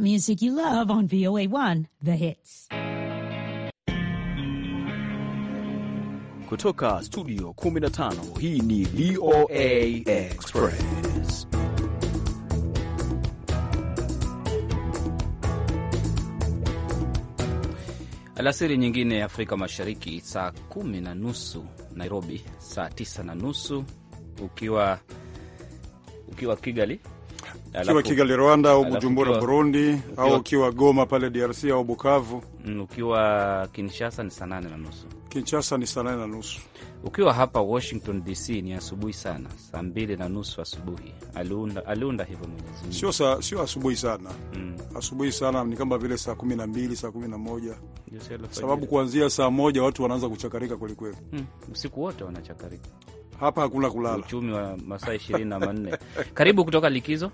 Music you love on VOA1, The Hits. Kutoka studio 15 hii ni VOA Express. Alasiri nyingine ya Afrika Mashariki, saa kumi na nusu Nairobi, saa tisa na nusu ukiwa ukiwa Kigali ukiwa Kigali Rwanda au Bujumbura Burundi au ukiwa Goma pale DRC au Bukavu mm, ukiwa Kinshasa ni saa nane na nusu Kinshasa ni saa nane na nusu ukiwa hapa Washington DC ni asubuhi sana, saa mbili na nusu asubuhi. Aliunda, aliunda hivyo Mwenyezi Mungu, sio sio asubuhi sana mm. Asubuhi sana ni kama vile saa kumi na mbili saa kumi na moja sababu kuanzia saa moja watu wanaanza kuchakarika kwelikweli mm. Usiku wote wanachakarika hapa, hakuna kulala, uchumi wa masaa ishirini na manne karibu kutoka likizo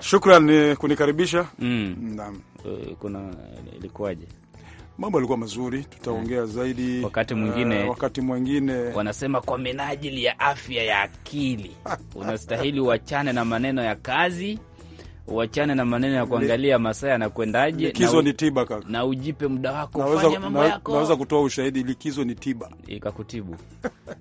Shukran eh, kunikaribisha. Mm. Naam. Eh, kuna ilikuwaje? Mambo yalikuwa mazuri, tutaongea mm. zaidi wakati mwingine. Uh, wakati mwingine wanasema kwa minajili ya afya ya akili unastahili uachane na maneno ya kazi uachane na maneno ya kuangalia masaa yanakwendaje. Likizo ni tiba kaka, na ujipe muda wako, fanya mambo yako. Naweza kutoa ushahidi, likizo ni tiba, ikakutibu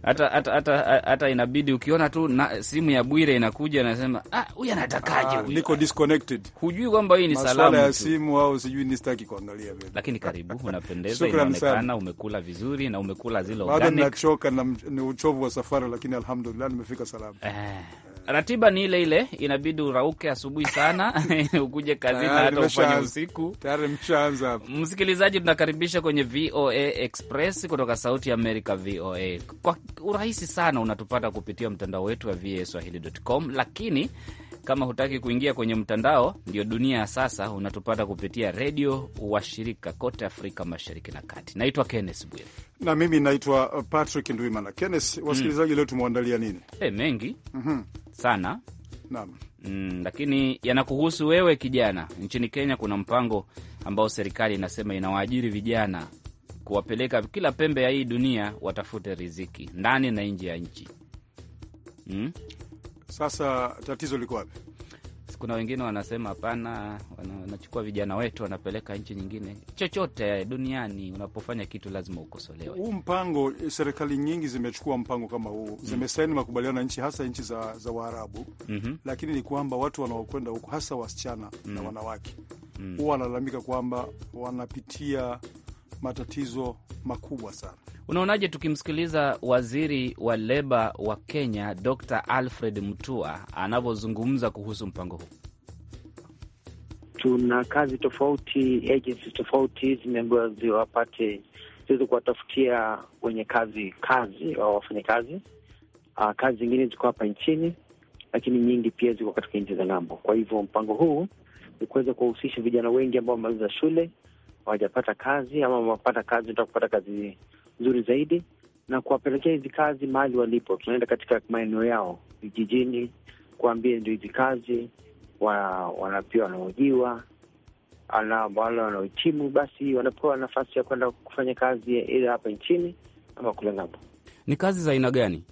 hata hata hata hata. Inabidi ukiona tu na, simu ya Bwire inakuja, nasema, ah, huyu anatakaje ah, huyu, niko disconnected, hujui kwamba hii ni salamu ya simu au sijui ni sitaki kuangalia vile, lakini karibu, unapendeza inaonekana umekula vizuri na umekula zile organic. Bado nachoka na uchovu wa safari, lakini alhamdulillah nimefika salama eh ratiba ni ile ile, inabidi urauke asubuhi sana ukuje kazini hata ufanye usiku. Tayari mshaanza Msikilizaji, tunakaribisha kwenye VOA Express kutoka Sauti ya america VOA. Kwa urahisi sana unatupata kupitia mtandao wetu wa voaswahili.com, lakini kama hutaki kuingia kwenye mtandao, ndio dunia ya sasa, unatupata kupitia redio washirika kote Afrika Mashariki na Kati. Naitwa Kenneth Bwire na mimi naitwa uh, Patrick Ndwimana. Kenneth, mm. wasikilizaji, mm. leo tumewaandalia nini? E, mengi mm -hmm. sana Naam. Mm, lakini yanakuhusu wewe kijana. Nchini Kenya kuna mpango ambao serikali inasema inawaajiri vijana kuwapeleka kila pembe ya hii dunia watafute riziki ndani na nje ya nchi mm? Sasa tatizo liko wapi? kuna wengine wanasema hapana, wanachukua vijana wetu wanapeleka nchi nyingine. Chochote duniani unapofanya kitu lazima ukosolewe. Huu mpango, serikali nyingi zimechukua mpango kama huu mm zimesaini makubaliano na nchi, hasa nchi za, za Waarabu mm -hmm. lakini ni kwamba watu wanaokwenda huko, hasa wasichana mm -hmm. na mm-hmm. wanawake mm-hmm. huwa mm -hmm. wanalalamika kwamba wanapitia matatizo makubwa sana Unaonaje tukimsikiliza waziri wa leba wa Kenya Dr Alfred Mutua anavyozungumza kuhusu mpango huu? Tuna kazi tofauti, agencies tofauti zimeambiwa ziwapate ziweze kuwatafutia wenye kazi kazi au wafanya kazi. Uh, ah, kazi zingine ziko hapa nchini, lakini nyingi pia ziko katika nchi za ng'ambo. Kwa hivyo mpango huu ni kuweza kuwahusisha vijana wengi ambao wamemaliza shule hawajapata kazi ama wamepata kazi, nataka kupata kazi nzuri zaidi na kuwapelekea hizi kazi mahali walipo. Tunaenda katika maeneo yao vijijini, kuambia ndio hizi kazi wanapia, wanaojiwa wale wanaohitimu, basi wanapewa nafasi ya kwenda kufanya kazi ile hapa nchini ama kule ng'ambo. Ni kazi za aina gani?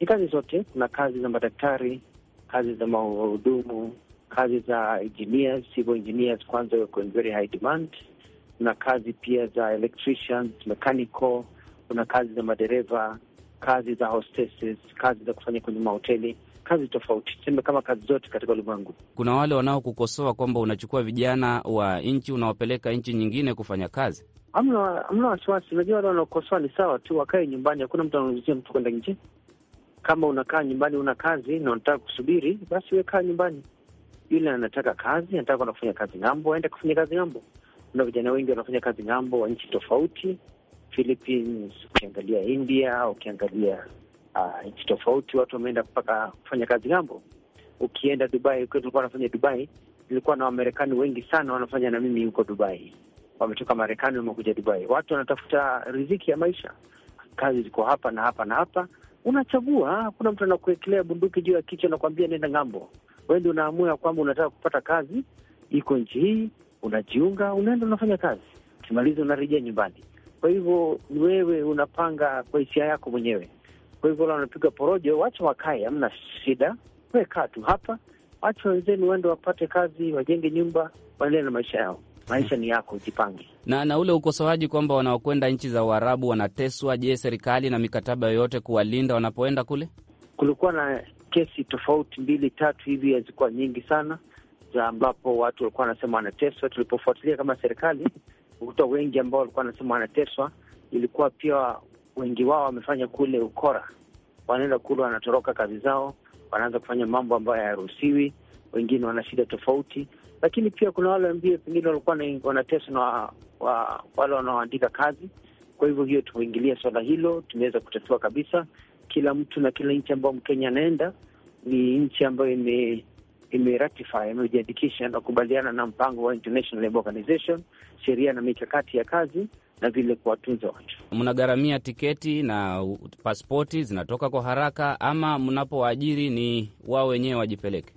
Ni kazi zote. Kuna kazi za madaktari, kazi za mahudumu, kazi za engineers, civil engineers kwanza in very high demand. Kuna kazi pia za electricians, mechanical kuna kazi za madereva, kazi za hostesses, kazi za kufanya kwenye mahoteli, kazi tofauti, tuseme kama kazi zote katika ulimwengu. Kuna wale wanaokukosoa kwamba unachukua vijana wa nchi unawapeleka nchi nyingine kufanya kazi. amna wasiwasi, unajua wale wanaokosoa ni sawa tu, wakae nyumbani. Hakuna mtu anauzia mtu kwenda nje. Kama unakaa nyumbani, una kazi na unataka kusubiri, basi wekaa nyumbani. Yule anataka kazi, anataka kwenda kufanya kazi ng'ambo, aende kufanya kazi ng'ambo. Kuna vijana wengi wanafanya kazi ng'ambo wa nchi tofauti Philippines, ukiangalia India, ukiangalia uh, nchi tofauti, watu wameenda mpaka kufanya kazi ng'ambo. Ukienda Dubai, ukiwa tulikuwa nafanya Dubai, nilikuwa na Wamarekani wengi sana wanafanya na mimi huko Dubai, wametoka Marekani wamekuja Dubai. Watu wanatafuta riziki ya maisha, kazi ziko hapa na hapa na hapa, unachagua. Hakuna mtu anakuwekelea bunduki juu ya kichwa nakwambia nenda ng'ambo. Wewe ndio unaamua kwamba unataka kupata kazi iko nchi hii, unajiunga, unaenda unafanya kazi, ukimaliza unarejea nyumbani. Kwa hivyo wewe unapanga kwa hisia yako mwenyewe. Kwa hivyo wanapiga porojo, wacha wakae, hamna shida, we kaa tu hapa, wacha wenzenu wende wapate kazi, wajenge nyumba, waendelee na maisha yao. Maisha ni yako, jipange. Na na ule ukosoaji kwamba wanaokwenda nchi za Uarabu wanateswa, je, serikali na mikataba yoyote kuwalinda wanapoenda kule? Kulikuwa na kesi tofauti mbili tatu hivi, hazikuwa nyingi sana za ambapo watu walikuwa wanasema wanateswa. Tulipofuatilia kama serikali kuta wengi ambao walikuwa wanasema wanateswa, ilikuwa pia wengi wao wamefanya kule ukora, wanaenda kule, wanatoroka kazi zao, wanaanza kufanya mambo ambayo hayaruhusiwi. Wengine wana shida tofauti, lakini pia kuna wale ambao pengine walikuwa wanateswa na wa, wale wanaoandika kazi. Kwa hivyo hiyo, tumeingilia swala hilo, tumeweza kutatua kabisa. Kila mtu na kila nchi ambayo Mkenya anaenda ni nchi ambayo ime imeratify imejiandikisha na kukubaliana na mpango wa International Labour Organization, sheria na mikakati ya kazi na vile kuwatunza watu. Mnagharamia tiketi na paspoti zinatoka kwa haraka, ama mnapowaajiri ni wao wenyewe wajipeleke?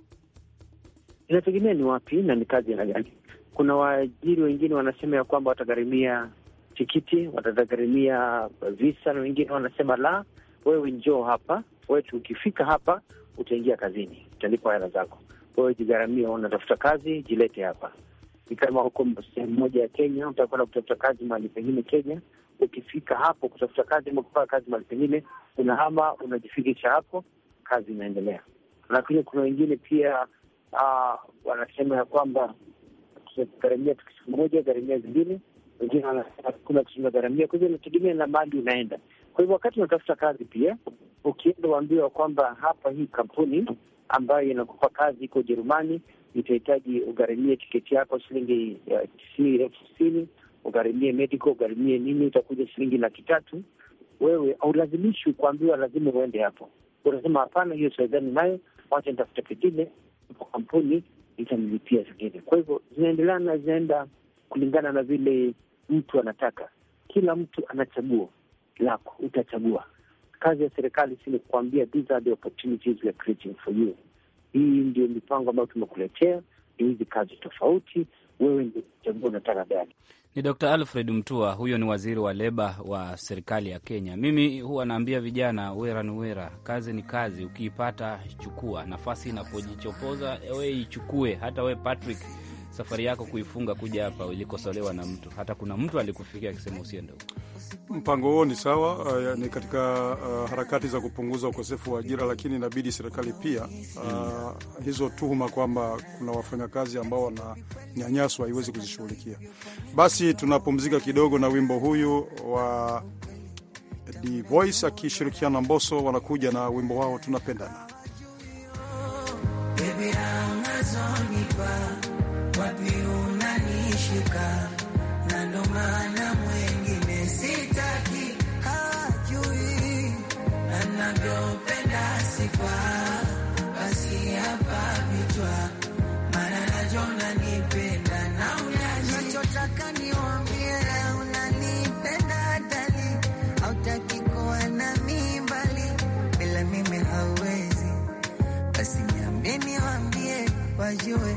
Inategemea ni wapi na ni kazi na gani. Kuna waajiri wengine wanasema ya kwamba watagharimia tikiti, watagharimia visa, na wengine wanasema la, wewe njoo hapa wetu, ukifika hapa utaingia kazini, utalipa hela zako wewe jigaramia, unatafuta kazi, jilete hapa. Ni kama huko sehemu moja ya Kenya utakwenda kutafuta kazi mahali pengine Kenya. Ukifika hapo kutafuta kazi ama kupata kazi mahali pengine, unahama unajifikisha hapo, kazi inaendelea. Lakini kuna wengine pia ah, wanasema ya kwamba gharamia kitu kimoja, gharamia zingine, wengine wanasema kuna gharamia. Kwa hivyo inategemea na mahali unaenda. Kwa hivyo wakati unatafuta kazi pia ukienda waambiwa kwamba hapa hii kampuni ambayo inakupa kazi iko Ujerumani, itahitaji ugharimie tiketi yako shilingi tisini eh, elfu tisini ugharimie medical, ugharimie nini, utakuja shilingi laki tatu. Wewe aulazimishi kuambiwa lazima uende hapo. Unasema hapana, hiyo siwezani nayo, wacha nitafuta kingine, kampuni itanilipia zingine. Kwa hivyo zinaendelana, zinaenda kulingana na vile mtu anataka. Kila mtu ana chaguo lako, utachagua kazi ya serikali si ni kukwambia these are the opportunities we are creating for you. Hii ndio mipango ambayo tumekuletea, ni hizi kazi tofauti, wewe ndio chagua unataka gani. Ni Dr. Alfred Mtua, huyo ni waziri wa leba wa serikali ya Kenya. Mimi huwa naambia vijana, wera ni wera, kazi ni kazi, ukiipata chukua. Nafasi inapojichopoza, we ichukue. Hata we Patrick safari yako kuifunga kuja hapa ilikosolewa na mtu, hata kuna mtu alikufikia akisema usiende huko. Mpango huo ni sawa, uh, ni katika uh, harakati za kupunguza ukosefu wa ajira, lakini inabidi serikali pia uh, hizo tuhuma kwamba kuna wafanyakazi ambao wananyanyaswa haiwezi kuzishughulikia. Basi tunapumzika kidogo na wimbo huyu wa The Voice akishirikiana Mboso, wanakuja na wimbo wao tunapendana wapi unanishika, na ndo maana mwengine sitaki, hajui anavyopenda sifa, basi hapa vichwa, mana najona nipenda na unachotaka niwambie, unanipenda hatali, hautaki kuwa mbali, bila mimi hauwezi, basi niambie, niwambie wajue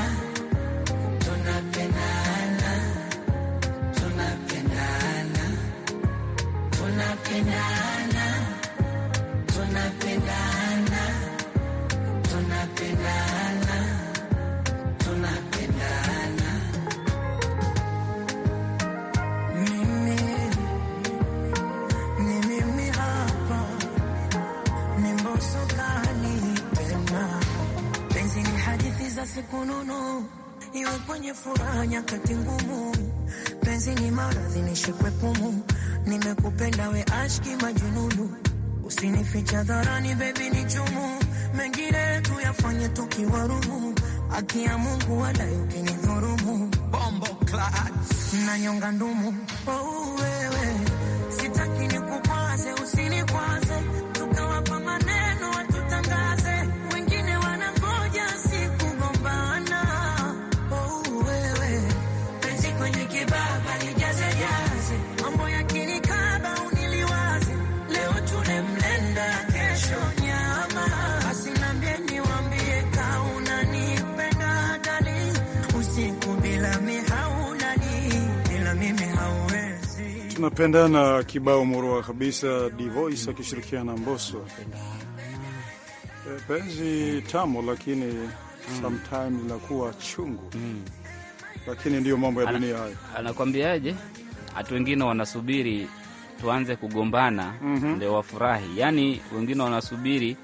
za siku nono, iwe kwenye furaha nyakati ngumu, penzi ni maradhi nishikwe pumu, nimekupenda we ashki majununu, usinificha dharani baby ni chumu, mengine tu yafanye tukiwarumu, akia Mungu wala ukinidhurumu, bombo clad na nyonga ndumu oh, eh. tunapendana. Kibao murua kabisa, Divoice akishirikiana mboso eh, penzi tamo lakini sometimes inakuwa chungu mm. lakini ndiyo mambo ya dunia hayo. Anakwambiaje? Hatu wengine wanasubiri tuanze kugombana mm -hmm. wafurahi, yaani wengine wanasubiri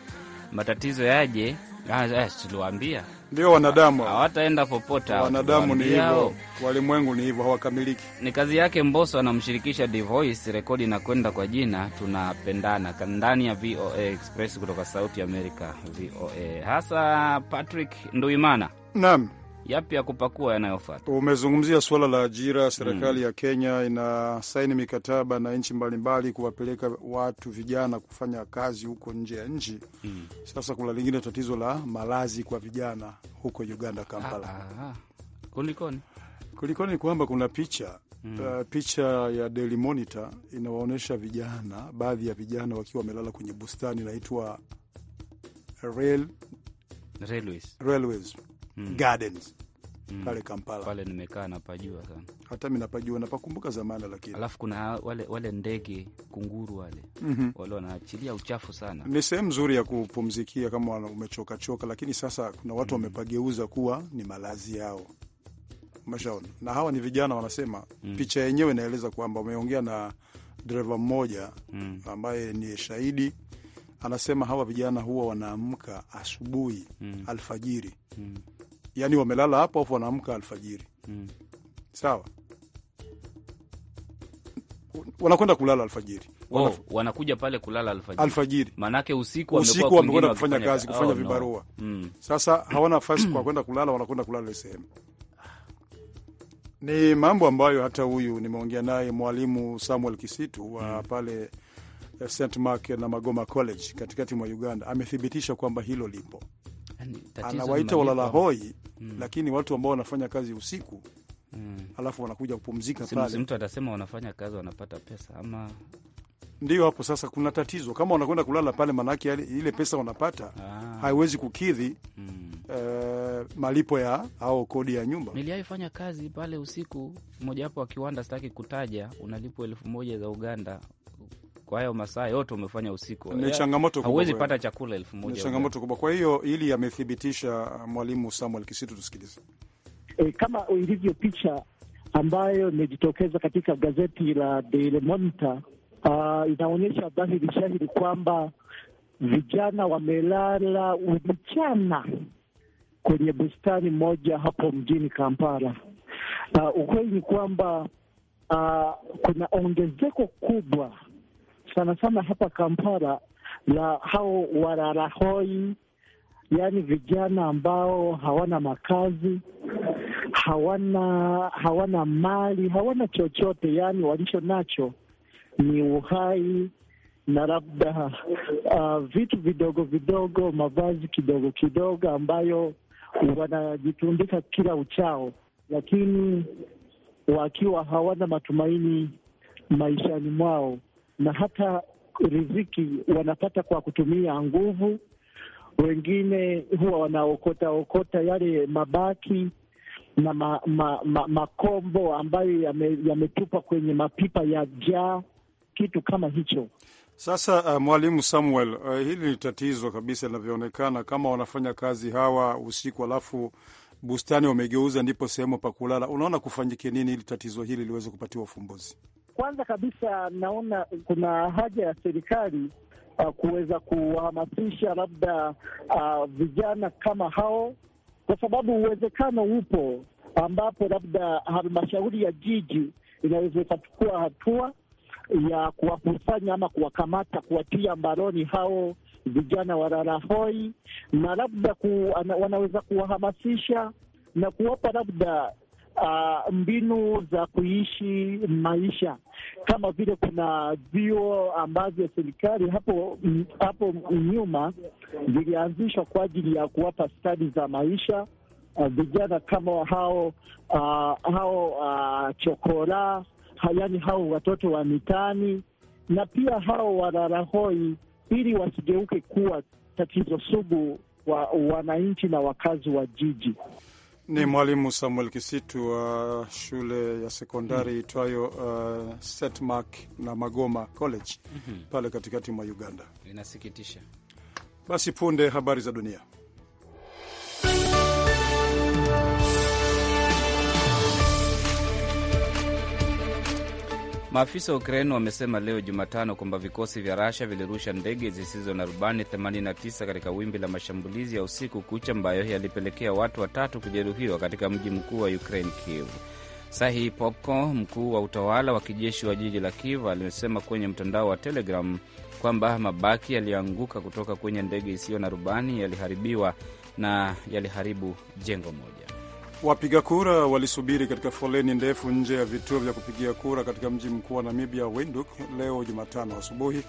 matatizo yaje, ah, ah, tuliwaambia ndio wanadamu hawataenda popote. Wanadamu ni hivyo, walimwengu ni hivyo, hawakamiliki. Ni kazi yake. mboso anamshirikisha Divoice, rekodi na kwenda kwa jina tunapendana, ndani ya VOA Express kutoka Sauti Amerika, VOA. Hasa Patrick Nduimana, naam yapi ya kupakua yanayofuata? Umezungumzia suala la ajira. Serikali mm. ya Kenya inasaini mikataba na nchi mbalimbali kuwapeleka watu vijana kufanya kazi huko nje ya nchi mm. Sasa kuna lingine tatizo la malazi kwa vijana huko Uganda, Kampala. Ah, ah. Kulikoni? Kulikoni ni kwamba kuna picha mm. uh, picha ya Daily Monitor inawaonyesha vijana, baadhi ya vijana wakiwa wamelala kwenye bustani inaitwa rail... railways, railways mm. Gardens mm. pale Kampala pale nimekaa napajua sana, hata mi napajua, napakumbuka zamani, lakini alafu kuna wale, wale ndege kunguru wale mm -hmm. wale wanaachilia uchafu sana. Ni sehemu nzuri ya kupumzikia kama umechoka choka, lakini sasa kuna watu mm. wamepageuza kuwa ni malazi yao Mashaona. Na hawa ni vijana wanasema mm. picha yenyewe inaeleza kwamba wameongea na dereva mmoja mm. ambaye ni shahidi, anasema hawa vijana huwa wanaamka asubuhi mm. alfajiri mm yani wamelala hapo afu wanaamka alfajiri mm. Sawa, wanakwenda kulala alfajiri oh, wanakuja pale kulala alfajiri, alfajiri. Manake usiku usiku wamekwenda kufanya kazi kufanya oh, vibarua no. mm. Sasa hawana nafasi kwa kwenda kulala, wanakwenda kulala sehemu ni mambo ambayo hata huyu nimeongea naye mwalimu Samuel Kisitu wa mm. pale eh, St Mark na Magoma College katikati mwa Uganda amethibitisha kwamba hilo lipo. Yaani Anawaita walalahoi mm. Lakini watu ambao wanafanya kazi usiku mm. alafu wanakuja kupumzika pale, mtu atasema wanafanya kazi wanapata pesa ama ndio hapo sasa kuna tatizo. Kama wanakwenda kulala pale, maanake ile pesa wanapata ah, haiwezi kukidhi mm, e, malipo ya au kodi ya nyumba. Niliaifanya kazi pale usiku, mmojawapo wa kiwanda, sitaki kutaja, unalipwa elfu moja za Uganda, kwa hayo masaa yote umefanya usiku, ni changamoto kubwa, pata chakula elfu moja. Ni changamoto kubwa. Kwa hiyo hili amethibitisha uh, Mwalimu Samuel Kisitu, tusikilize. E, kama ilivyo picha ambayo imejitokeza katika gazeti la Daily Monitor, uh, inaonyesha dhahiri shahiri kwamba vijana wamelala mchana kwenye bustani moja hapo mjini Kampala. Uh, ukweli ni kwamba uh, kuna ongezeko kubwa sana sana hapa Kampala la hao wararahoi, yaani vijana ambao hawana makazi, hawana hawana mali, hawana chochote, yaani walicho nacho ni uhai na labda uh, vitu vidogo vidogo, mavazi kidogo kidogo ambayo wanajitundika kila uchao, lakini wakiwa hawana matumaini maishani mwao na hata riziki wanapata kwa kutumia nguvu. Wengine huwa wanaokota okota yale mabaki na ma, ma, ma, makombo ambayo yametupa yame kwenye mapipa ya jaa, kitu kama hicho. Sasa uh, Mwalimu Samuel, uh, hili ni tatizo kabisa linavyoonekana, kama wanafanya kazi hawa usiku alafu bustani wamegeuza ndipo sehemu pa kulala. Unaona kufanyike nini ili tatizo hili liweze kupatiwa ufumbuzi? kwanza kabisa naona kuna haja ya serikali uh, kuweza kuwahamasisha labda uh, vijana kama hao, kwa sababu uwezekano upo ambapo labda halmashauri ya jiji inaweza ikachukua hatua ya kuwakusanya ama kuwakamata, kuwatia mbaroni hao vijana rarahoi na labda ku, ana, wanaweza kuwahamasisha na kuwapa labda uh, mbinu za kuishi maisha kama vile kuna vyuo ambavyo serikali hapo mm, hapo nyuma zilianzishwa kwa ajili ya kuwapa stadi za maisha ah, vijana uh, kama hao uh, hao uh, chokora ha, yaani hao watoto wa mitani na pia hao wararahoi, ili wasigeuke kuwa tatizo sugu wa wananchi na wakazi wa jiji. Ni Mwalimu Samuel Kisitu wa uh, shule ya sekondari mm. itwayo mm. uh, Setmark na Magoma College mm -hmm. pale katikati mwa Uganda. Inasikitisha. Basi punde habari za dunia. Maafisa wa Ukraini wamesema leo Jumatano kwamba vikosi vya Rasha vilirusha ndege zisizo na rubani 89 katika wimbi la mashambulizi ya usiku kucha ambayo yalipelekea watu watatu kujeruhiwa katika mji mkuu wa ukraine Kiev. Sahi Popko, mkuu wa utawala wa kijeshi wa jiji la Kiev, alisema kwenye mtandao wa Telegram kwamba mabaki yaliyoanguka kutoka kwenye ndege isiyo na rubani yaliharibiwa na yaliharibu jengo moja. Wapiga kura walisubiri katika foleni ndefu nje ya vituo vya kupigia kura katika mji mkuu wa Namibia, Windhoek, leo Jumatano asubuhi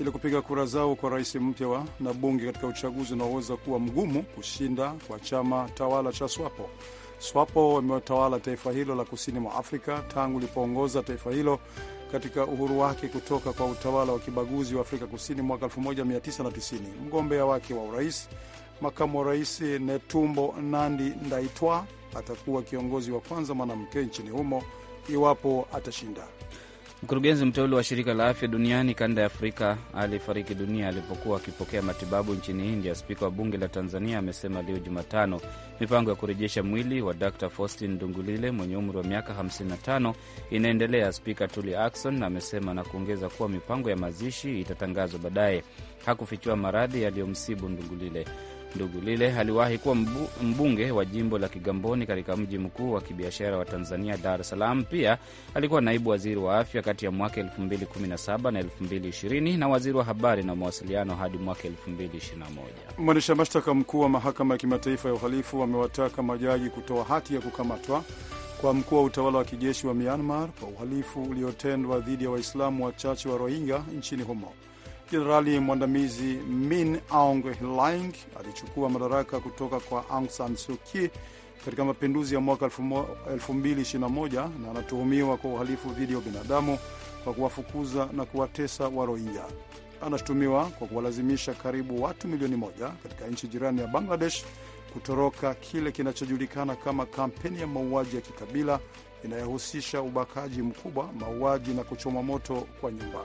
ili kupiga kura zao kwa rais mpya wa na bunge katika uchaguzi unaoweza kuwa mgumu kushinda kwa chama tawala cha SWAPO. SWAPO wamewatawala taifa hilo la kusini mwa Afrika tangu ilipoongoza taifa hilo katika uhuru wake kutoka kwa utawala wa kibaguzi wa Afrika Kusini mwaka 1990. Mgombea wake wa urais, makamu wa rais Netumbo Nandi Ndaitwa atakuwa kiongozi wa kwanza mwanamke nchini humo iwapo atashinda. Mkurugenzi mteule wa shirika la afya duniani kanda ya Afrika alifariki dunia alipokuwa akipokea matibabu nchini India. Spika wa bunge la Tanzania amesema leo Jumatano mipango ya kurejesha mwili wa Dr Faustin Ndungulile mwenye umri wa miaka 55 inaendelea. Spika Tuli Akson amesema na kuongeza kuwa mipango ya mazishi itatangazwa baadaye. Hakufichua maradhi yaliyomsibu Ndungulile. Ndugu Lile aliwahi kuwa mbunge wa jimbo la Kigamboni katika mji mkuu wa kibiashara wa Tanzania, Dar es Salaam. Pia alikuwa naibu waziri wa afya kati ya mwaka 2017 na 2020 na waziri wa habari na mawasiliano hadi mwaka 2021. Mwendesha mashtaka mkuu wa mahakama ya kimataifa ya uhalifu amewataka majaji kutoa hati ya kukamatwa kwa mkuu wa utawala wa kijeshi wa Myanmar kwa uhalifu uliotendwa dhidi ya Waislamu wachache wa Rohingya nchini humo. Jenerali mwandamizi Min Aung Hlaing alichukua madaraka kutoka kwa Aung San Suu Kyi katika mapinduzi ya mwaka 2021 na anatuhumiwa kwa uhalifu dhidi ya binadamu kwa kuwafukuza na kuwatesa Warohingya. Anashutumiwa kwa kuwalazimisha karibu watu milioni moja katika nchi jirani ya Bangladesh kutoroka kile kinachojulikana kama kampeni ya mauaji ya kikabila inayohusisha ubakaji mkubwa, mauaji na kuchoma moto kwa nyumba.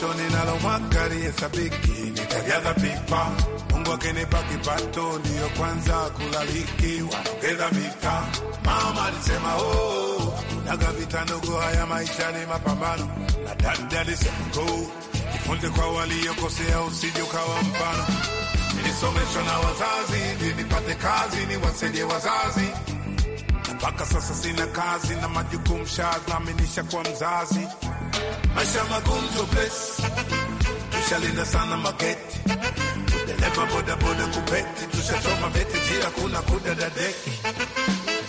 jasho ninalomwaka lihesabiki, nitajaza pipa. Mungu akinipa kipato, ndiyo kwanza kulaliki, wanogeza vita. Mama alisema oh, hakunaga vita ndogo, haya maisha ni mapambano. Na dadi alisema go, oh, jifunze kwa waliokosea, usije ukawa mfano. Nilisomeshwa na wazazi ili nipate kazi, niwasaidie wazazi mpaka sasa sina kazi na majukumu, shadhaminisha kwa mzazi Maisha magumzo pesi, tushalinda sana maketi, udereva bodaboda kupeti, tushachoma vete jira, kuna kudadadeki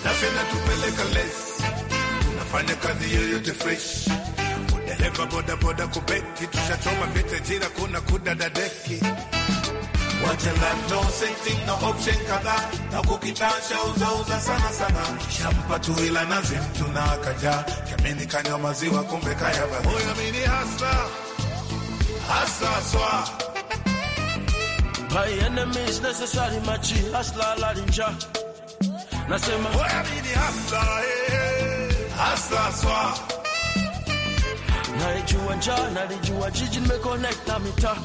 nafena tupeleka lesi, tunafanya kazi yoyote fresh, udereva bodaboda kupeti, tushachoma vete jira, kuna dadeki na kukitasha uzauza sana sana shampa tu ila nazi mtuna kaja kamini kanywa maziwa kumbe kaya baba huyo mini hasa hasa swa My enemies necessary machi hasla la linja nasema huyo mini hasa eh, eh. hasa swa na njaa na jiji nimeconnect na mitaa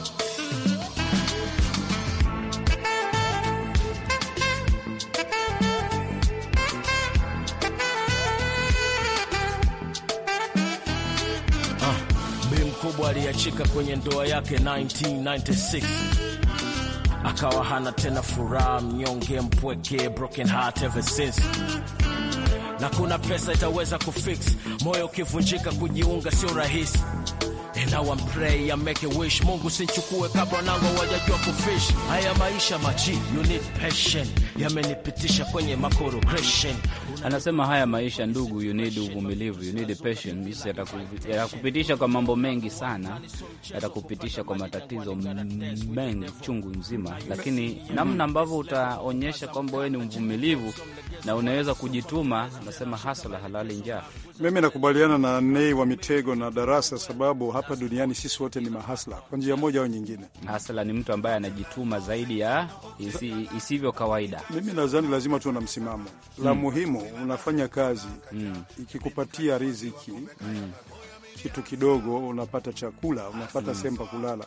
aliachika kwenye ndoa yake 1996 akawa hana tena furaha, mnyonge, mpweke, broken heart ever since na kuna pesa itaweza kufix moyo ukivunjika, kujiunga sio rahisi. And now I'm pray I make a wish, Mungu sinchukue kabla nango wajajua kufish. Haya maisha maji, you need passion, yamenipitisha kwenye makorogreshen Anasema haya maisha, ndugu, you need uvumilivu, you need patience. Yatakupitisha kwa mambo mengi sana, yatakupitisha kwa matatizo mengi chungu nzima, lakini namna ambavyo utaonyesha kwamba wewe ni mvumilivu na unaweza kujituma, anasema hasla halali njaa. Mimi nakubaliana na Nei wa Mitego na Darasa, sababu hapa duniani sisi wote ni mahasla kwa njia moja au nyingine. Hasla ni mtu ambaye anajituma zaidi ya isi, isivyo kawaida. Mimi nadhani lazima tuwe na msimamo, la hmm. muhimu unafanya kazi mm. ikikupatia riziki mm. kitu kidogo, unapata chakula, unapata mm. sehemu pa kulala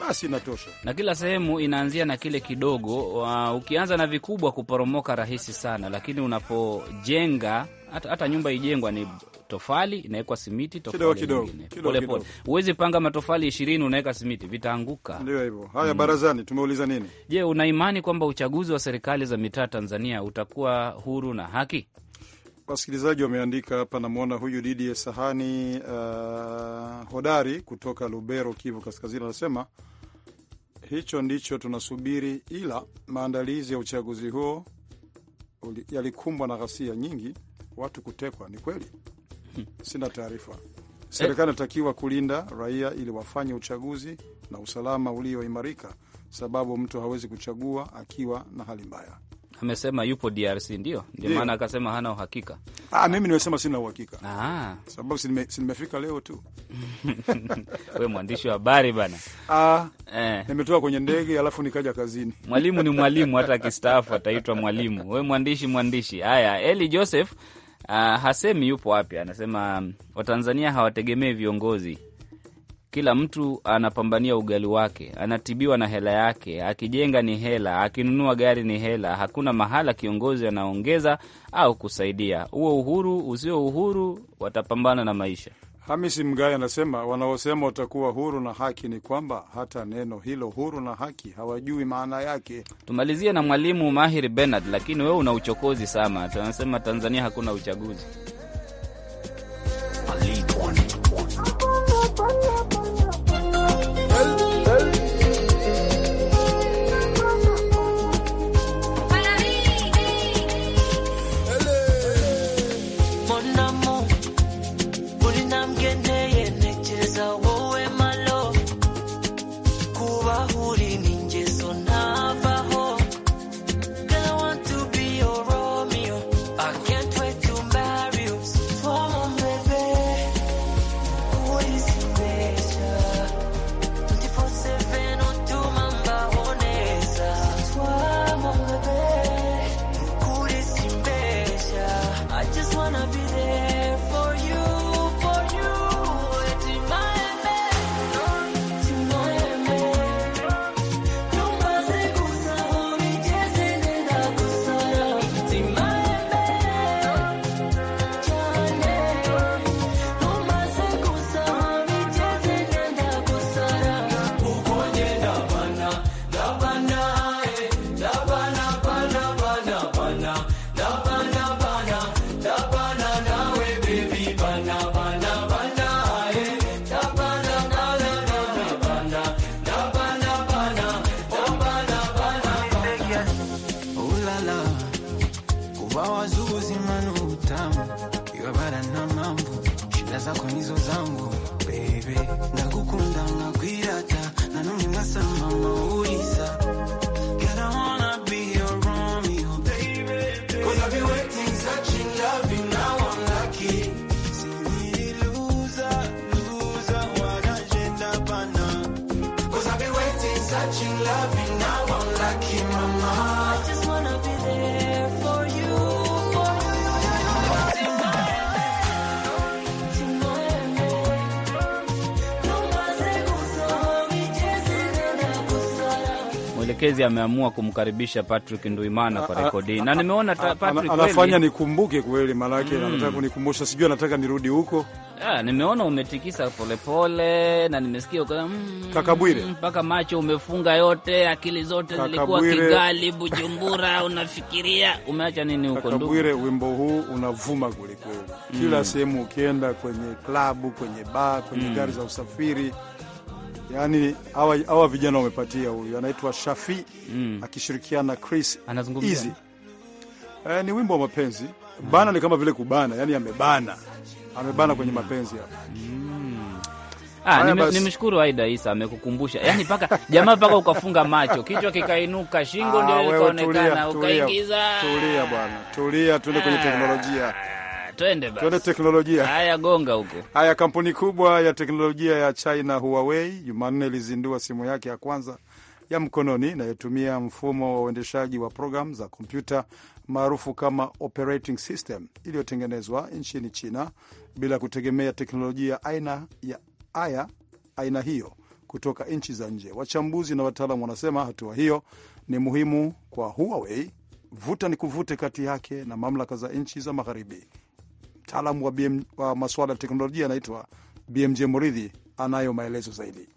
basi inatosha, na kila sehemu inaanzia na kile kidogo. Uh, ukianza na vikubwa kuporomoka rahisi sana, lakini unapojenga hata, hata nyumba ijengwa ni tofali inawekwa simiti, tofali polepole. Huwezi panga matofali ishirini unaweka simiti, vitaanguka. Ndio hivyo. Mm. Haya, mm. barazani tumeuliza nini? Je, una imani kwamba uchaguzi wa serikali za mitaa Tanzania utakuwa huru na haki? wasikilizaji wameandika hapa, namwona huyu Didi Sahani uh, hodari kutoka Lubero, Kivu Kaskazini, anasema hicho ndicho tunasubiri, ila maandalizi ya uchaguzi huo yalikumbwa na ghasia nyingi, watu kutekwa. Ni kweli, sina taarifa. Eh. Serikali inatakiwa kulinda raia ili wafanye uchaguzi na usalama ulioimarika, sababu mtu hawezi kuchagua akiwa na hali mbaya amesema yupo DRC, ndio ndio maana akasema hana uhakika. Ah, mimi nimesema sina uhakika ah, sababu sinimefika leo tu we mwandishi wa habari bana ah, eh, nimetoka kwenye ndege alafu nikaja kazini. Mwalimu ni mwalimu, hata akistaafu ataitwa mwalimu. We mwandishi mwandishi. Haya, Eli Joseph ah, hasemi yupo wapi, anasema Watanzania hawategemei viongozi kila mtu anapambania ugali wake, anatibiwa na hela yake, akijenga ni hela, akinunua gari ni hela. Hakuna mahala kiongozi anaongeza au kusaidia. Huo uhuru usio uhuru, watapambana na maisha. Hamisi mgai anasema wanaosema watakuwa huru na haki ni kwamba hata neno hilo huru na haki hawajui maana yake. Tumalizie na mwalimu Mahir Bernard. Lakini wewe una uchokozi sana, tunasema Tanzania hakuna uchaguzi salamu iwe bara na mambo, shida zako nizo zangu baby, nakukunda ngagwira Mwelekezi ameamua kumkaribisha Patrick Nduimana kwa rekodi, na nimeona Patrick anafanya nikumbuke kweli, maanake mm, anataka kunikumbusha, sijui anataka nirudi huko. Ah, nimeona umetikisa polepole pole, na nimesikia mm, kaka Bwire mm, mpaka macho umefunga yote, akili zote zilikuwa Kigali, Bujumbura unafikiria umeacha nini huko ndugu Bwire? Wimbo huu unavuma kwelikweli, kila mm. sehemu ukienda, kwenye klabu, kwenye baa, kwenye mm, gari za usafiri yani hawa hawa vijana wamepatia, huyu anaitwa Shafi mm. akishirikiana Chris Easy. E, ni wimbo wa mapenzi mm. bana, ni kama vile kubana, yani amebana amebana mm. kwenye mapenzi hapa mm. ah, nimshukuru Aida Isa amekukumbusha, yani paka jamaa paka ukafunga macho, kichwa kikainuka, shingo ndio ah, ikaonekana ukaingiza. Tulia bwana, tulia, tuende kwenye ah. teknolojia. Twende basi. twende teknolojia. Haya gonga huko. Haya kampuni kubwa ya teknolojia ya China Huawei Jumanne ilizindua simu yake ya kwanza ya mkononi inayotumia mfumo wa uendeshaji wa programu za kompyuta maarufu kama operating system iliyotengenezwa nchini China bila kutegemea teknolojia aina ya aya aina hiyo kutoka nchi za nje. Wachambuzi na wataalamu wanasema hatua hiyo ni muhimu kwa Huawei, vuta ni kuvute kati yake na mamlaka za nchi za Magharibi mtaalamu wa, wa masuala ya teknolojia anaitwa BMJ Muridhi, anayo maelezo zaidi.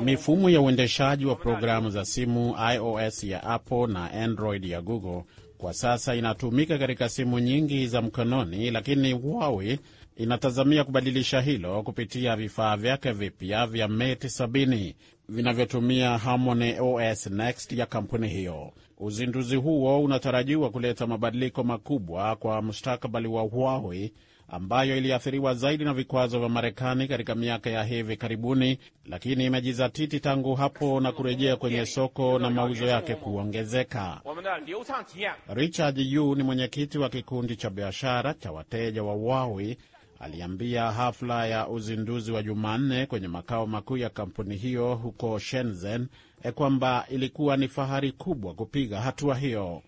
Mifumo ya uendeshaji wa programu za simu iOS ya Apple na Android ya Google kwa sasa inatumika katika simu nyingi za mkononi, lakini Huawei inatazamia kubadilisha hilo kupitia vifaa vyake vipya vya Mate 70 vinavyotumia Harmony OS Next ya kampuni hiyo. Uzinduzi huo unatarajiwa kuleta mabadiliko makubwa kwa mustakabali wa Huawei ambayo iliathiriwa zaidi na vikwazo vya Marekani katika miaka ya hivi karibuni, lakini imejizatiti tangu hapo na kurejea kwenye soko na mauzo yake kuongezeka. Richard Yu ni mwenyekiti wa kikundi cha biashara cha wateja wa Huawei aliambia hafla ya uzinduzi wa Jumanne kwenye makao makuu ya kampuni hiyo huko Shenzhen eh, kwamba ilikuwa ni fahari kubwa kupiga hatua hiyo.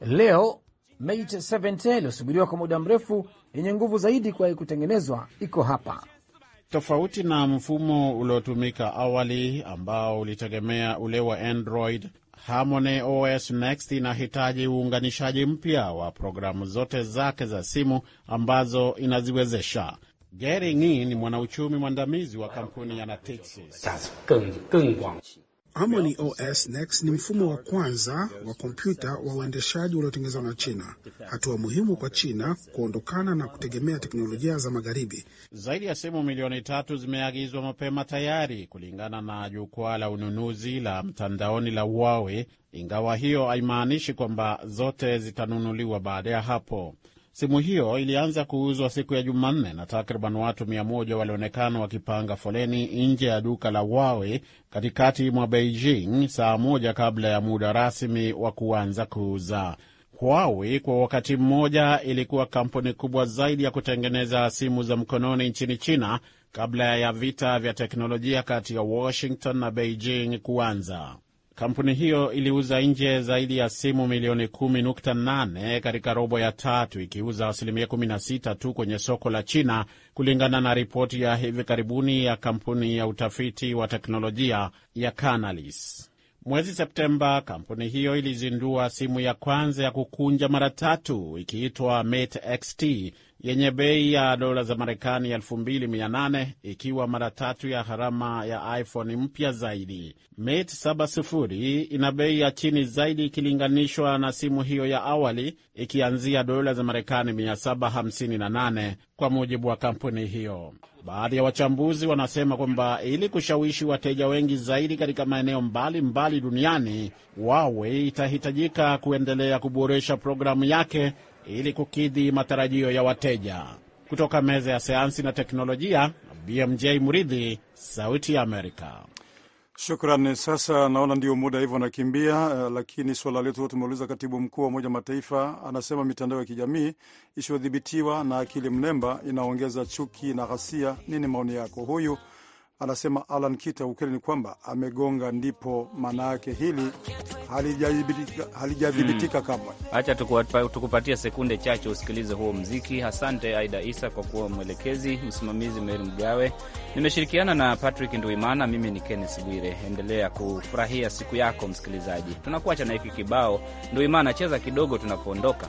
Leo Mate 7 iliyosubiriwa kwa muda mrefu yenye nguvu zaidi kuwahi kutengenezwa iko hapa. Tofauti na mfumo uliotumika awali ambao ulitegemea ule wa Android, Harmony OS Next inahitaji uunganishaji mpya wa programu zote zake za simu ambazo inaziwezesha. Gary ni mwanauchumi mwandamizi wa kampuni ya Natixis. Harmony OS Next ni mfumo wa kwanza wa kompyuta wa uendeshaji uliotengenezwa na China, hatua muhimu kwa China kuondokana na kutegemea teknolojia za magharibi. Zaidi ya simu milioni tatu zimeagizwa mapema tayari, kulingana na jukwaa la ununuzi la mtandaoni la Huawei, ingawa hiyo haimaanishi kwamba zote zitanunuliwa baada ya hapo. Simu hiyo ilianza kuuzwa siku ya Jumanne na takriban watu 100 walionekana wakipanga foleni nje ya duka la Huawei katikati mwa Beijing saa moja kabla ya muda rasmi wa kuanza kuuza. Huawei kwa wakati mmoja ilikuwa kampuni kubwa zaidi ya kutengeneza simu za mkononi nchini China kabla ya vita vya teknolojia kati ya Washington na Beijing kuanza. Kampuni hiyo iliuza nje zaidi ya simu milioni 10.8 katika robo ya tatu, ikiuza asilimia 16 tu kwenye soko la China, kulingana na ripoti ya hivi karibuni ya kampuni ya utafiti wa teknolojia ya Canalys. Mwezi Septemba, kampuni hiyo ilizindua simu ya kwanza ya kukunja mara tatu ikiitwa Mate XT yenye bei ya dola za Marekani 2800 ikiwa mara tatu ya gharama ya iPhone mpya zaidi. Mate 70 ina bei ya chini zaidi ikilinganishwa na simu hiyo ya awali, ikianzia dola za Marekani 758 kwa mujibu wa kampuni hiyo. Baadhi ya wachambuzi wanasema kwamba ili kushawishi wateja wengi zaidi katika maeneo mbalimbali duniani, Huawei itahitajika kuendelea kuboresha programu yake ili kukidhi matarajio ya wateja. Kutoka meza ya sayansi na teknolojia, BMJ Muridhi, Sauti ya Amerika. shukran Sasa naona ndio muda hivyo nakimbia, eh, lakini suala letu tumeuliza katibu mkuu wa Umoja Mataifa anasema mitandao ya kijamii isiyodhibitiwa na akili mnemba inaongeza chuki na ghasia. Nini maoni yako? Huyu anasema Alan Kita, ukweli ni kwamba amegonga, ndipo maana yake hili halijadhibitika hmm, kamwe. hacha tukupatie sekunde chache usikilize huo mziki. Asante Aida Isa kwa kuwa mwelekezi, msimamizi Meri Mgawe, nimeshirikiana na Patrick Nduimana. Mimi ni Kennes Bwire, endelea kufurahia siku yako msikilizaji. Tunakuacha na hiki kibao. Nduimana, cheza kidogo tunapoondoka.